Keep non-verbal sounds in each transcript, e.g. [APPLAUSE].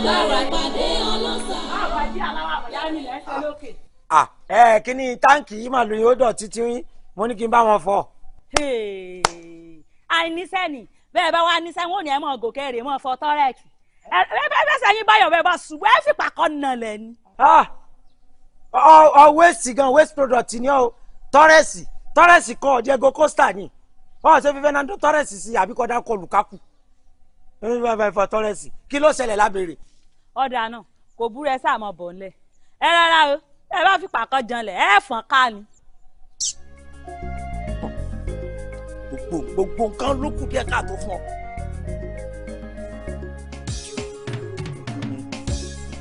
agbára ìpàdé ọlọ́sà. àwọn àti aláwọ̀ àbọ̀yá mi lẹ́sẹ̀ lókè. ẹ kí ni táǹkì yìí màlúù yóò dọ̀tí tí mo ní kí n bá wọn fọ. àìníṣẹ́ ni bẹ́ẹ̀ bá wà níṣẹ́ wọn ò ní ẹ̀ mọ̀ gòkè rè mọ̀ fọ tọ́rẹ̀kì bẹ́ẹ̀ sẹ́yìn báyọ̀ bẹ́ẹ̀ bá ṣùgbọ́n ẹ fipá kọ́ nà lẹ̀ ni. Ah, ọ waste gan waste product ni ọ tọ́rẹ̀sì tọ́rẹ̀sì kọ́ Diego Costa ni ọ ṣe fi Fernando tọ́rẹ̀sì sí àbíkọ́dá kọ Lukaku kí ló ṣẹlẹ̀ lábẹ́rẹ́ ọ̀dà náà kò burú ẹ sáà mọ̀ bọ̀ ńlẹ̀ ẹ rárá o ẹ bá fi pàkọ́ janlẹ̀ ẹ fọ̀n ká ni. gbogbo gbogbo nǹkan ló kù díẹ̀ káàtó fún ọ.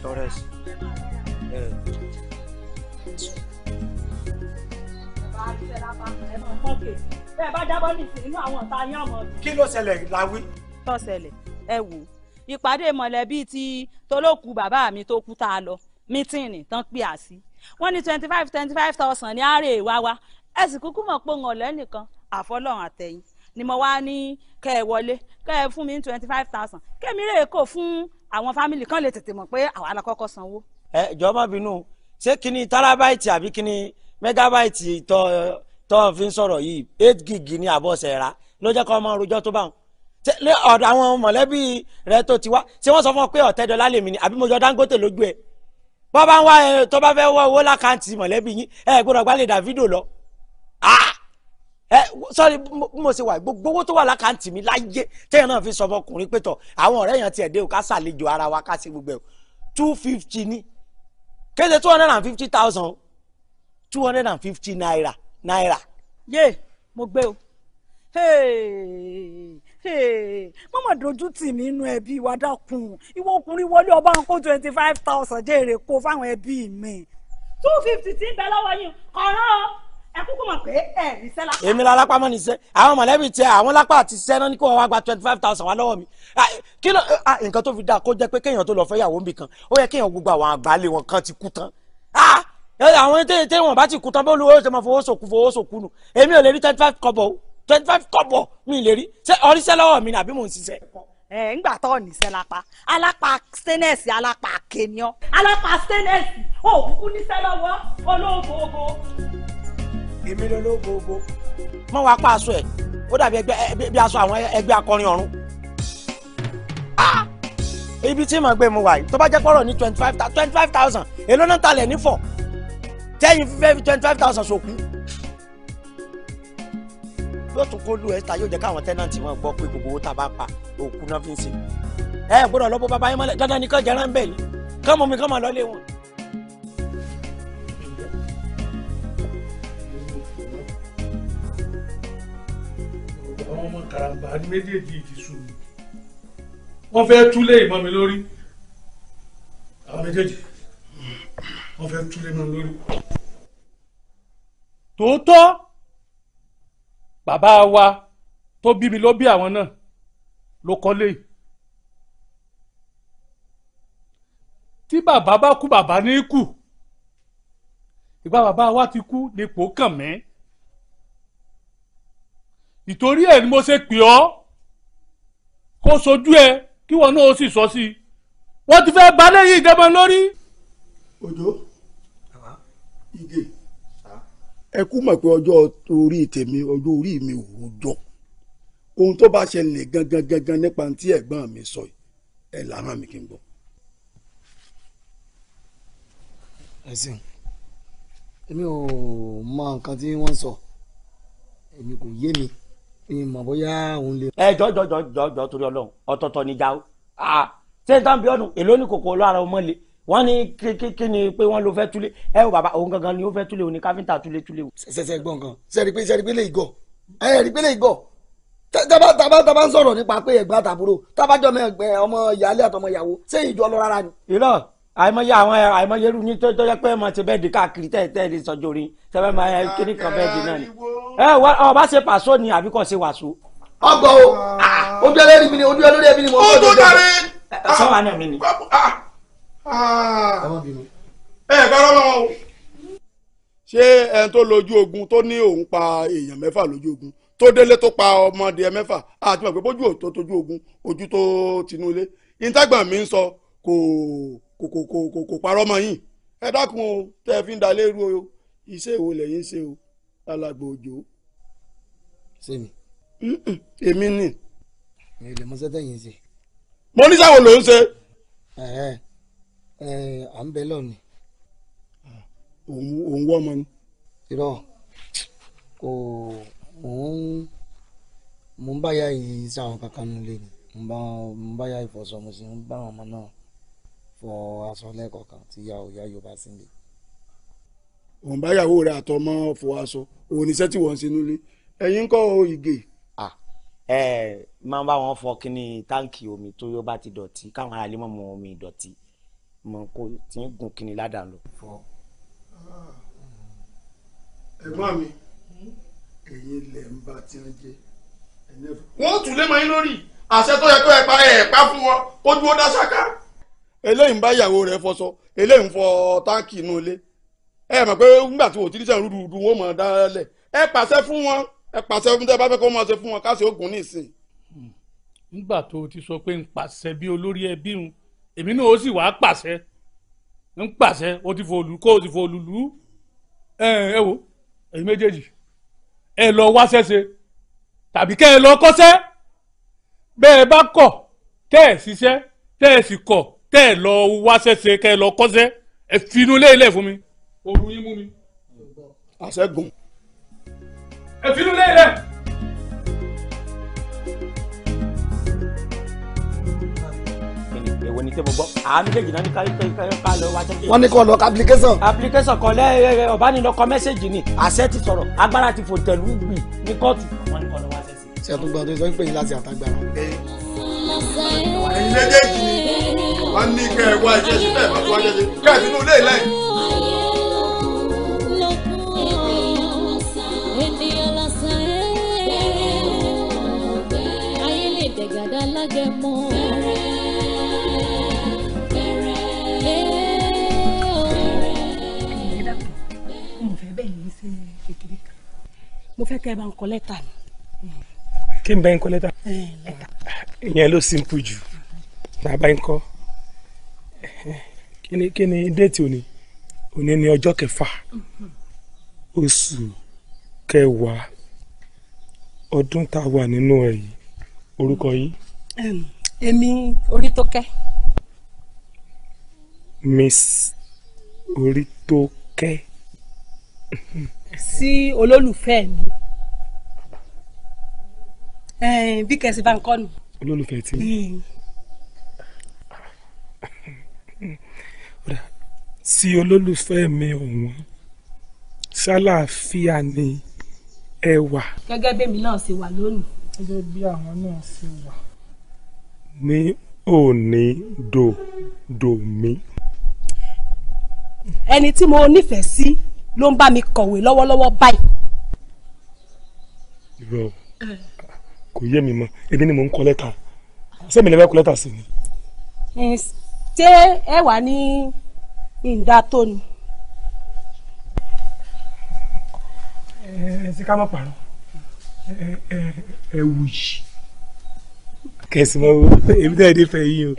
Torres ẹ. bẹ́ẹ̀ bá jábọ́ nìsín nínú àwọn kí ló ṣẹlẹ̀ láwí. tó ṣẹlẹ̀ ẹ wò ó ìpàdé mọ̀lẹ́bí ti tolókù bàbá mi tó kú tá a lọ mítìnì tán pè á sí wọ́n ní twenty five twenty five thousand ní àárẹ̀ wá wá ẹ sì kúkú mọ̀ pé òun ọ̀lẹ́ nìkan àfọlọ́run àtẹ̀yìn ni mo wá ní kẹ́ ẹ wọlé kẹ́ ẹ fún mi ní twenty five thousand kẹ́mi rèé kò fún àwọn fámìlì kan lè tètè mọ̀ pé àwa la kọ́kọ́ sanwó. ẹ jọ̀ọ́ má bínú ṣé ni terabyte àbí kíni megabyte tó tó fi ń sọ̀rọ̀ yìí eight gig ni àbọ̀sẹ̀ ra ló jẹ́ kó ọmọ rojọ́ tó báwọn ṣé ọ̀dọ̀ àwọn mọ̀lẹ́bí rẹ tó ti wá ṣé wọ́n sọ fún ọ pé ọ̀tẹ́dọ́lá lèmi ni àbí mo jọ Dangote lójú ẹ bọ́ bá ń wá ẹ eh, tó bá fẹ́ wọ owó lákàntì mọ̀lẹ́bí yín ẹ gbọ́dọ̀ gbálẹ̀ Davido lọ ẹ sọ́ọ́ni bí mo ṣe wà gbogbo owó tó wà lákàntì mi láyé téèyàn náà fi sọ ọmọkùnrin pé tọ̀ àwọn ọ̀rẹ́ yẹn tiẹ̀ dé o ká ṣàlejò ara wa ká ṣe gbogbo ẹ̀ two fifty ni kéde two hundred and fifty thousand two hundred and fifty naira naira. yé mo gbé o mọ́mọ́ dojú tì mí inú ẹbí wa dákun ìwọ ọkùnrin wọlé ọba ń kó twenty five thousand jèrè kó fáwọn ẹbí mi. two fifty ti ń bẹ lọ́wọ́ yín ọ̀ràn o ẹ kúkú mọ̀ pé ẹ níṣẹ́ lápá. èmi la lápá mọ́ níṣẹ́ àwọn mọ̀lẹ́bí tiẹ̀ àwọn lápá àti iṣẹ́ náà ní kí wọ́n wá gba twenty five thousand wá lọ́wọ́ mi kí ló nǹkan tó fi dáa kó jẹ́ pé kéèyàn tó lọ fẹ́ yàwó mi kan ó yẹ kéèyàn gbogbo àwọn àgbálé wọn kan ti kú tán àwọn tẹ́wọ̀n bá ti kú tán bó lu ó ṣe máa fowó sòkú fowó sòkú nù èmi ò lè rí twenty five kọ́bọ̀ o twenty five kọ́bọ̀ mi lè rí ṣé ọríṣẹ́ lọ́wọ́ mi ni àbí mò ń ṣiṣẹ́. ẹ ńgbà tó ní iṣẹ́ lápá alápá stainless alápá keniọ alápá stainless ó kúkú níṣẹ́ lọ́wọ́ olóògbòògbò. èmi ló lóògbòògbò. mọ wàá pa aṣọ ẹ ó dàbí ẹgbẹ́ bí aṣọ àwọn ẹgbẹ́ akọrin ọ̀run ibi tí mo gbé mu wà yìí tó bá jẹ́ pọ̀rọ̀ ní twenty five twenty five thousand èló náà talẹ̀ ní four. tẹ́yìn fífẹ́ twenty five thousand sòkú yóò tún kó lu ẹ̀ta yóò jẹ́ káwọn tẹ́nàntì wọn gbọ́ pé gbogbo owó tá a bá pa òkú náà fi ń ṣe. ẹ gbọ́dọ̀ lọ́bọ̀ bàbá yín mọ́lẹ̀ dandan ni kàn jẹ́rán ń bẹ̀ ni mọ̀ mi kán mọ̀ lọ́lé wọn. wọ́n fẹ́ túlé ìmọ̀ mi lórí àwọn méjèèjì wọ́n fẹ́ túlé mi lórí. tòótọ́ bàbá wa tó bí mi ló bí àwọn náà ló kọ́lé yìí tí bàbá bá kú bàbá ní kú ìgbà bàbá wa ti kú nípò kàn mí ìtorí ẹ̀ ni mo ṣe pè ọ́ kó sojú ẹ kí wọn náà ó sì sọ sí i wọ́n ti fẹ́ balẹ̀ yìí dẹ́mọ lórí. òjò ìgè ẹ kú mọ̀ pé ọjọ́ orí tèmi ọjọ́ orí mi ò rojọ́ ohun tó bá ṣẹlẹ̀ gangan gangan nípa tí ẹ̀gbọ́n mi sọ ẹ̀ làrán mi kí n gbọ́. ẹ sìn èmi ò mọ nǹkan tí wọ́n ń sọ èmi kò yé mi èmi mọ̀ bóyá òun lè. ẹ jọ jọ jọ jọ jọ torí Ọlọ́run ọ̀tọ̀ọ̀tọ̀ níjà o ah, ṣé n tán bí ọdún èló ní kòkó lọ ọmọ le wọ́n ní kí ni pé wọ́n ló fẹ́ túlé ẹ o bàbá òun gangan ni ó fẹ́ túlé òun ni káfíńtà túlé túlé o. sẹsẹ gbọ̀n kan sẹ́ẹ̀rì pé sẹ́ẹ̀rì pé lè gọ̀ ẹ̀rì pé lè gọ̀ taba taba taba ń sọ̀rọ̀ nípa pé ẹ̀gbọ́n àtàbúrò tábàjọ́ mẹ́gbẹ́ ọmọ ìyáálé àtọmọ ìyàwó ṣé ìjọ lọ rárá ni. irọ́ àìmọye àwọn àìmọye irú ní tó yẹ pé màá ti bẹ́ẹ̀ di káàkiri tẹ́ẹ̀ tẹ́ẹ̀ lè sọjọ́ orin tẹ́ẹ̀ máa ẹ kíní kan bẹ́ẹ̀ di náà ni. ẹ ọba ṣe pàṣọ ni àbí kò ṣe wàṣọ. ọgbọ o ah, ojú ẹlẹ́rìí mi ni ojú ẹlẹ́rìí mi ni mo. ó tó dáre. sọ wa náà mi ni. Ah, Ah. ẹ gbọ́dọ̀ lọ́wọ́ o ṣé ẹni tó lójú ogun tó ní pa èèyàn mẹ́fà lójú ogun tó délé tó pa ọmọdé mẹ́fà àti mọ̀ pé bójú òtó tójú ogun ojú tó tinú ilé mi ń sọ kò kò kò kò kò parọ́ mọ́ ẹ dákun o ẹ fi ń o iṣẹ́ o alàgbà òjò. ni. mi ò lè mọ sẹ́tẹ̀ yìí ṣe. mo ń ṣe. à ń bẹ lọ́ọ̀ni. òun wọ́ ọmọ ni. irọ́ kò mò ń mò ń báyà yìí sáwọn kankan nílé ni mò ń bá mò ń báyà ìfọ̀sọ mo sì ń bá àwọn ọmọ náà fọ aṣọ lẹ́ẹ̀kọ̀ọ̀kan tí ìyá òyà yorùbá sí mi. òun báyàwó rẹ àtọmọ fọ aṣọ òun níṣẹ́ tí wọ́n ń ṣe nílé ẹ̀yin kọ́ ìgè ẹ máa bá wọn fọ kínní táǹkì omi tó yóò bá ti dọ̀tí káwọn aráàlú mọ̀ mọ́ omi ìdọ̀tí mọ kó tí ń gun kìnìún ládàá lọ. ẹ̀gbọ́n mi ẹ̀yin lẹ̀ ń bá tí ń jẹ́ wọ́n tún lé mọ́ yín lórí àṣẹ tó yẹ kó ẹ pa ẹ pa fún wọn kó dúró dá ṣáká. eléyìí ń bá ìyàwó rẹ̀ fọṣọ eléyìí ń fọ táǹkì inú ilé ẹ mọ̀ pé nígbà tí òtí sẹ́yìn rúdurùdu wọn mọ̀ dálẹ̀ ẹ pàṣẹ fún wọn ẹ pàṣẹ fún tẹ́ bá fẹ́ kó máa ṣe fún wọn káṣí ogun ní nígbà tó o ti sọ pé ń pàṣẹ bí olórí ẹbí ń èmi náà ó sì wá pàṣẹ ń pàṣẹ ó ti fòlù kó o ti fòlù lù ú ẹ wò èyí méjèèjì ẹ lọ wáṣẹ́ ṣe tàbí kẹ́ ẹ lọ kọ́ṣẹ́ bẹ́ẹ̀ bá kọ̀ tẹ́ ẹ ṣiṣẹ́ tẹ́ ẹ sì kọ̀ tẹ́ ẹ lọ wáṣẹ́ ṣe kẹ́ ẹ lọ kọ́ṣẹ́ ẹ fi inú ilé ilẹ̀ fún mi òru yín mú mi. àṣẹ gùn. ẹ fi inú wo ni tí gbọ́ àwọn méjèèjì náà ní ká lọ wọ́n ní kó lọ ka application. application kan lẹ́ ọ̀bánilọ́kọ mẹ́sẹ̀gì ni àṣẹ ti sọ̀rọ̀ agbára ti fòtẹ̀lú gbì ní kóòtù. wọ́n ní kó lọ wá sẹ́sì. ṣé ẹ tún gbọ́dọ̀ sọ pé yín láti àtàgbàrà. ẹ̀yin méjèèjì ni wọ́n ní kẹ́ ẹ wá iṣẹ́ sílẹ̀ máa tó wá iṣẹ́ sílẹ̀ kẹ́ ẹ̀ nínú ilé ìlẹ́yìn. gàdá lágẹ̀mọ́. ṣe kékeré kan mo fẹ́ kẹ́ ẹ bá ń kọ lẹ́tà mi. kí n bá yín kọ lẹ́tà. ìyẹn ló simple jù bá bá yín kọ kí ni déètì òní òní ni ọjọ́ kẹfà oṣù kẹwàá ọdún tá a wà nínú ẹ̀ yìí orúkọ yìí. èmi Orítókẹ́. miss Orítókẹ́ sí olólùfẹ́ mi bí kẹsì bá ń kọ́ nù. olólùfẹ́ tí. sí olólùfẹ́ mi ọ̀wọ́n ṣàlàáfíà ni ẹ wà. gẹ́gẹ́ bí èmi náà ṣe wà lónìí. gẹ́gẹ́ bí àwọn náà ṣe wà. ní òní dòdò mi. ẹni tí mo nífẹ̀ẹ́ sí. Si ló ń bá mi kọ̀wé lọ́wọ́lọ́wọ́ báyìí. irọ́ kò yé mi mọ́ èmi ni mò ń kọ lẹ́tà sẹ́mi lè fẹ́ kọ lẹ́tà sí ni. ṣé ẹ wà ní ìdá tó ni. ẹ ṣe ká má parọ́ ẹ wù yìí kẹsìmọ wo èmi náà dé fẹ́ yín o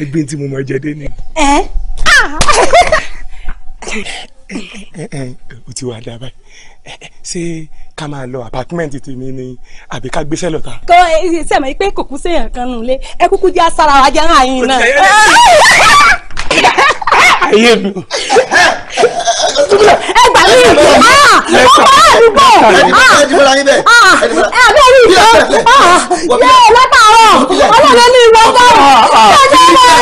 ẹgbẹ́ tí mo mọ jẹ dé ni. [LAUGHS] Eh, eh, eh, o ti wá dá báyìí ṣé ká máa lọ apartment tèmi ni àbí ká gbéṣẹ́ lọ́ta. kọ ṣe mọ̀ pé kò kú séèyàn kan nù ẹ kúkú jẹ́ asára wa jẹ́ àyìn náà. ayé mi. ẹ gbà mí ah, ọmọ àdúgbò ah, ah, ẹ bẹ́ẹ̀ rí i lọ yẹ lọ́tàárọ̀ ọlọ́run ní ìwọ́n kọ́ ọ̀ọ́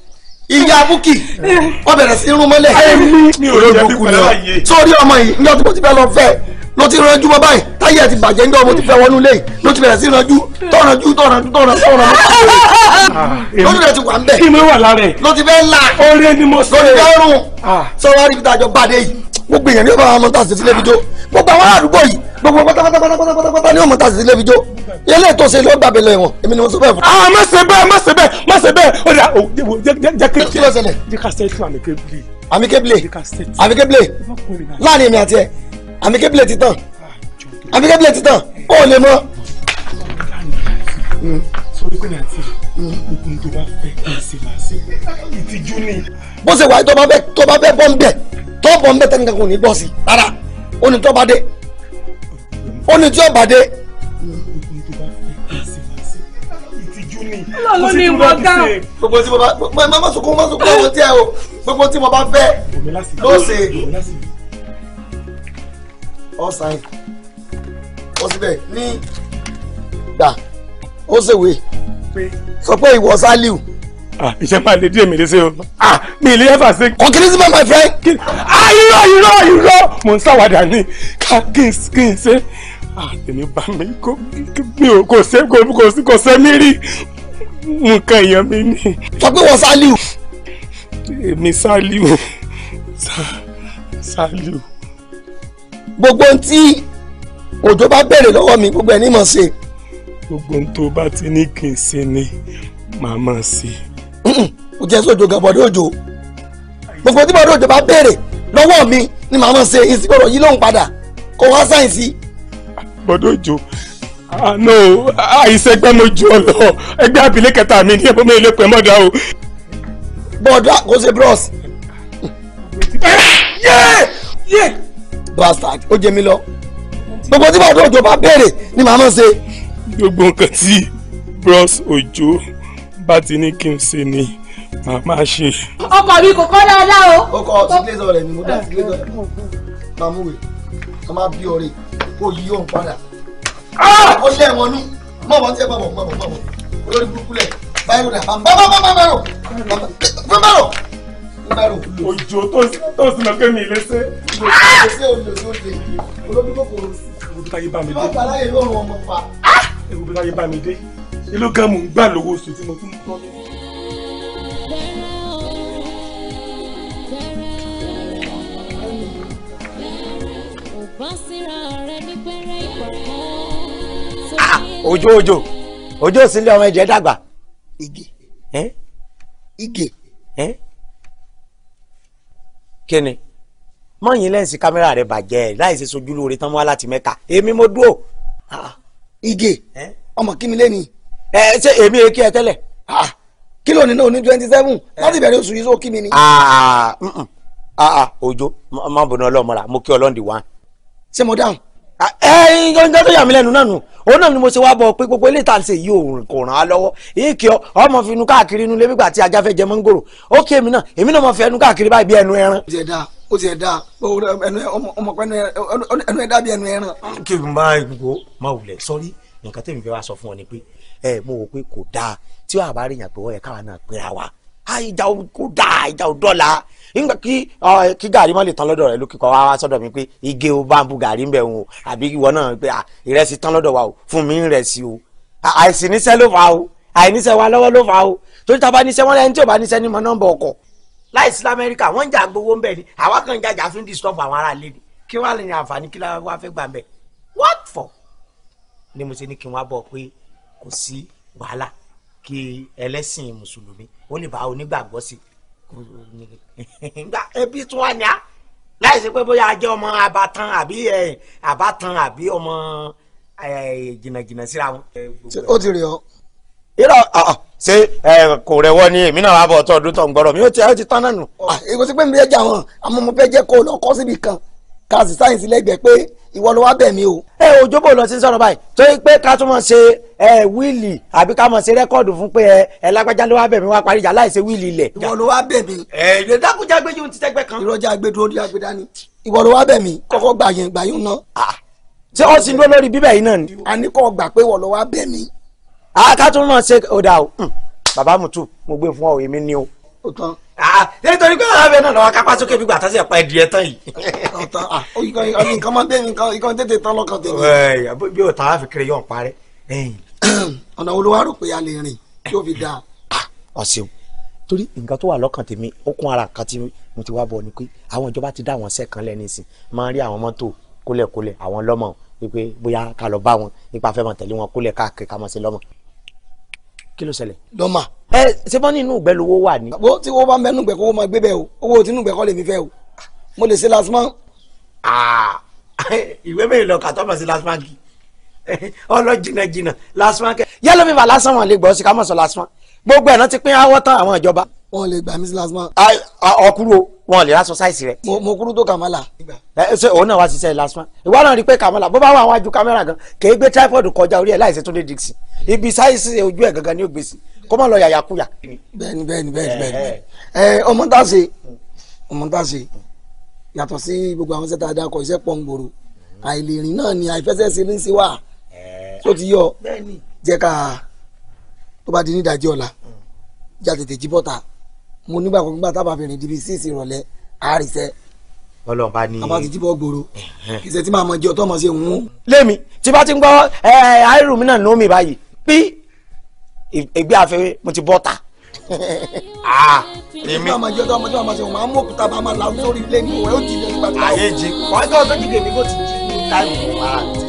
ìyá búkì wọn bẹ̀rẹ̀ sí irun mọ́lẹ̀ olódùkú ni ọ sórí ọmọ yìí ní ọtí mo ti fẹ́ lọ fẹ́ ló ti ranjú mọ́ báyìí táyà ti bàjẹ́ ní ọmọ ti fẹ́ wọnú lé ló ti bẹ̀rẹ̀ sí ranjú tọ̀ranjú tọ̀ranjú tọ̀ranjú tọ̀ranjú ah, ah, ah, lórí rẹ̀ ti wà ń bẹ̀ ló ti fẹ́ la lórí rẹ̀ rún sọ wá rí ibi tàjọ bàdé yìí gbogbo èèyàn ní ọba àwọn ọmọọta sí ilé fijó gbogbo àwọn àdúgbò yìí gbogbo pátápátápátá ní ọmọọta sí ilé fijó ilé tó ṣe ló gbàgbé lọ ẹ̀wọ̀n èmi ni mo sọ bẹ́ẹ̀ fún. a ah, má ṣe bẹ́ẹ̀ má ṣe bẹ́ẹ̀ má ṣe bẹ́ẹ̀ o da o jẹ kí kí ló ṣẹlẹ̀. jẹ ká ṣe tún àmìkébìlì. àmìkébìlì àmìkébìlì láàrin èmi àti ẹ àmìkébìlì ti tàn àmìkébìlì ti tàn ó lè mọ. Hmm. sori pé ní àti ogun tó bá fẹ́ kí n ṣe máa ṣe ìtìjú ni. bó ṣe wà tó bá fẹ́ bọ́ ń bẹ̀ tọ́bọ̀ ń bẹ tẹ́nìkan kò ní gbọ́ sí rárá ó ní tọ́ba dé ó ní tí ó bàdé. lọ́lọ́ ni mo dá. gbogbo tí mo bá má má sunkún má sunkún àwọn tí ẹ o gbogbo tí mo bá fẹ́ ló ṣe ọ̀sán ọ̀sibẹ̀ ní gbà ó ṣèwé sọ pé ìwọ sálíù. Ah, iṣẹ́ máa lè díẹ̀ mi lé ah, sí o mi ì lè yẹ́fà sí. congratulations my friend irọ́ irọ́ irọ́ mò ń ṣàwàdà ni kí n ṣe àtẹ̀mí bá mi kò ṣe kò ṣe mí rí nǹkan èèyàn mi ni. sọ pé wọ́n ṣáàlìwò. èmi ṣáàlìwò ṣáàlìwò. gbogbo ohun tí òjò bá béèrè lọ́wọ́ mi gbogbo ẹ̀ ní mọ̀ ṣe. gbogbo ohun tó bá ti ní kì í ṣe ni màá máa ṣe. [CLEARS THROAT] ó jẹ́ sójó gàbọ̀dé òjò gbogbo tí bọ̀dé òjò bá béèrè lọ́wọ́ mi ni màá máa ṣe ìsìnkọ̀rọ̀ yìí lóhùn padà kó wá sáyẹ̀nsì. gbọ́dọ̀ jò àánú ah, àìsẹ́gbẹ́ mo jù ọ lọ ẹgbẹ́ àbílẹ̀ kẹta mi ní ẹ̀bùn mi lè pẹ́ mọ́dà o. bọ́ọ̀dà kò ṣe bros. bastard ó jẹ mí lọ gbogbo tí bàtà òjò bá béèrè ni màá máa ṣe. gbogbo nǹkan tí bros òjò bá ti ní kí n ṣe ni màmá ṣe. ọkọ mi kò kọ́ dáadáa o. ọkọ ti glazer rẹ ni mo dá glazer rẹ máa mú wèé ká máa bí ọ̀rẹ́ kó yí òun padà. ó ṣe ẹ̀wọ̀n nú mọ̀ wọ́n ti ẹ̀ bọ̀bọ̀ bọ̀bọ̀ bọ̀bọ̀ olórí burúkú lẹ̀ báyìí rẹ̀ bàbá bàbá bàbá bàbá bàbá òjò tó sì lọ kémi ìlẹsẹ. ìlẹsẹ olè olè olóbi kòkòrò. ewu bí láyé bá mi dé. bàbá láyé lórun ọmọ pa. ewu bí láyé bá mi dé. ilé gan mò ń gbà lówó oṣù tí mo tún tọ́ Ah, ojo ojo ojo òsínlé ọmọ ẹ̀jẹ̀ dàgbà. ige ige. kíni mọ̀yìn lẹ́ǹsì kámẹ́rà rẹ̀ bàjẹ́ láì ṣe sojú lóore tán wá láti mẹ́ka èmi mo dúró. Ah, ige ọmọ kí mi lé ni. ẹ ṣe èmi èké ẹ tẹ́lẹ̀ ah, kílò nínú ní twenty seven láti bẹ̀rẹ̀ oṣù yìí sọ kí mi ni. ojo má bọ̀ ní ọlọ́mọ rà mo kí ọlọ́ndì wá ṣé mo dáhùn ẹyin ọjọ́ tó yà mí lẹ́nu náà nù òun náà ni mo ṣe wá bọ̀ pé gbogbo eléyìí tá à ń ṣe yìí òun kò ràn án lọ́wọ́ èyí kí ọ ọmọ fi inú káàkiri inú ilé nígbà tí ajá fẹ́ jẹ mọ́ngòrò ó kí èmi náà èmi náà mo fẹ́ ẹnu káàkiri báyìí bí ẹnu ẹran. ó ti ẹ̀ dáa ó ti ẹ̀ dáa ọmọ ẹnu ẹ̀ dáa ẹnu ẹran. kí n bá gbogbo máa wulẹ̀ sọ́rí nǹkan tẹ̀mí fẹ́ wá sọ fún ọ ni pé ẹ mo wò pé kò dáa tí wàá bá rí yàn pé ọ Ah, ìjà kò dáa ìjà ò dọ́là nígbà kí ah, kí gàrí má lè tán lọ́dọ̀ rẹ ló kíkọ́ wá sọ́dọ̀ mi pé ige o bá ń bu gàrí ń bẹ̀ wọn o àbí ìwọ náà pé ah, ìrẹsì tán lọ́dọ̀ wa o fún mi ń rẹsì o àìsí níṣẹ́ ló fà o àìníṣẹ́ wa lọ́wọ́ ló fà o torí tá a bá níṣẹ́ wọn lẹ́yìn tí ò bá níṣẹ́ ní mọ nọ́mbà ọkọ̀ láìsí lamẹ́ríkà wọ́n ń jà gbowó ń bẹ̀ ni àwa kan ń jàjà fún disturb àwọn ará ilé ni kí wàá lè ní àǹfààní kí wàá fẹ́ gbà ń bẹ̀ what for ni mo ṣe ní kí wọ́n á bọ̀ pé kò sí wàhálà kí ẹlẹ́sìn mùsùlùmí ó lè bá onígbàgbọ́ sí ẹbí tún wà ní á láì sí pé bóyá a jẹ́ ọmọ abatan àbí abatan àbí ọmọ jìnnàjìnnà síra wọn. ó ti rí ọ. irọ́ ah, ah, ṣé kò rẹwọ́ ni èmi náà wà bọ̀ ọ̀tọ̀ ọdún tó ń gbọ́rọ̀ mi ó ti ó ti tán náà nù. èkó ah, sí pé mi bẹ́ẹ̀ jà wọn àmọ́ mo fẹ́ jẹ́ kó lọ kọ́ síbi kan ká sì sáyẹ̀nsì lẹ́gbẹ̀ẹ́ pé ìwọ ló wá bẹ̀ mí o. ẹ òjò bò lọ sí sọ̀rọ̀ báyìí torí pé ká tún mọ̀ ṣe ẹ wíìlì àbí ká mọ̀ ṣe rẹ́kọ̀dù fún pé ẹ ẹ lágbájá ló wá bẹ̀ mí wá parí ìjà láìsí wíìlì ilẹ̀. ìwọ ló wá bẹ̀ mí. ẹ ìrẹ dákúnjá gbẹjú ti tẹgbẹ kan. ìrọjà gbẹdúró ní agbẹdá ni. ìwọ ló wá bẹ̀ mí kọ́kọ́ gbà yẹn gbà yún náà. ṣé ó sì ń dúró lórí bíbẹ̀ yìí náà ni. a ní kọ́ gbà pé ìwọ ló wá bẹ̀ mí. a ká tún mọ̀ ṣe ọ̀dà o hm, bàbá Mùtù mo gbé fún ọ èmi ni o. ó tán nítorí ah, pé alábẹ náà lọ́wọ́ kápá sókè gbígbà tá sí ẹ̀pá ẹ̀dì ẹ̀ tán yìí. Ah, nǹkan máa ń dé nǹkan tètè tán lọ́kàn tèmi. bí o tàwa fi kiri yóò parẹ́. [CLEARS THROAT] ọ̀nà olúwa rò pé a lè rìn tí ó fi dáa. ọ̀sìn ah, torí nǹkan tó wà lọ́kàn tèmi ó kún ara kan tí mo ti wá bọ̀ ni pé àwọn ìjọba ti dá àwọn sẹ́kàn lẹ́ni sìn máa rí àwọn mọ́tò kólẹ̀kólẹ̀ àwọn lọ́mọ wípé bóyá ká lọ bá wọn nípa fẹ́ mọ̀ tẹ̀lé wọn kólẹ̀ káàkiri ká mọ̀ sí lọ́mọ kí ló ṣẹlẹ̀. lọ́mà. ẹ ṣe bọ́ ní inú ìgbẹ́ lowó wà ní. wo tí owó bá ń bẹ nínú kó wọ́n máa gbé bẹ́ẹ̀ o owó tí inú kọ́ lè mi fẹ́ o mo lè ṣe lasman. ìwé mi lọ kàtọ́ mọ̀ sí lasman kì ọlọ jìnnà jìnnà lasman kẹ. yálò mi bá lasman wọn lè gbọ́ sí ká mọ̀ sọ lasman gbogbo ẹ̀ náà ti pín awọ́ tán àwọn ìjọba. wọn lè gbà mí sí lasman. ọkùnrin o wọn lè ráṣọ sáìsì rẹ. mo kúrú tó kàmálà. ẹ ṣe òun náà wá ṣiṣẹ́ lásán ìwọ náà rí i pé kàmálà bó bá wà wájú kámẹ́rà gan kèé gbé tripod kọjá orí ẹ̀ láìsí tó lè dìgsì ibi sáìsì ojú ẹ̀ gangan ni ó gbé sí kó má lọ yàyà kúyà. bẹ́ẹ̀ni bẹ́ẹ̀ni bẹ́ẹ̀ni bẹ́ẹ̀ni ẹ ọmọ tá yàtọ̀ sí gbogbo àwọn sẹ́ta adakọ iṣẹ́ pọ̀ ń gbòòrò àìlèrin náà ni àìfẹsẹ̀ ṣe ní sí wa tó ti yọ jẹ́ ká tó bá mo nígbà kan nígbà tábà bẹ̀rẹ̀ dìbí síìsì ìrọ̀lẹ́ àrísẹ́. ọlọ́ba ni àbá ti jíbọ̀ gbòòrò kìsẹ̀ tí màá mọ jẹ́ ọtọ́ mọ̀ ṣe ń hún. lémi tí bá ti ń gbọ́ ẹ àìrù mi náà ní omi báyìí pí ìgbé afẹ́rẹ́ mo ti bọ́ ta. Ah, èmi ọmọ jẹ́ ọtọ́ ọmọdé ọmọ ṣe ń máa mú òkúta bá máa la sórí ilé ní ìwé ó ti lè gbàgbọ́. àyè jí ọjọ́ ọjọ́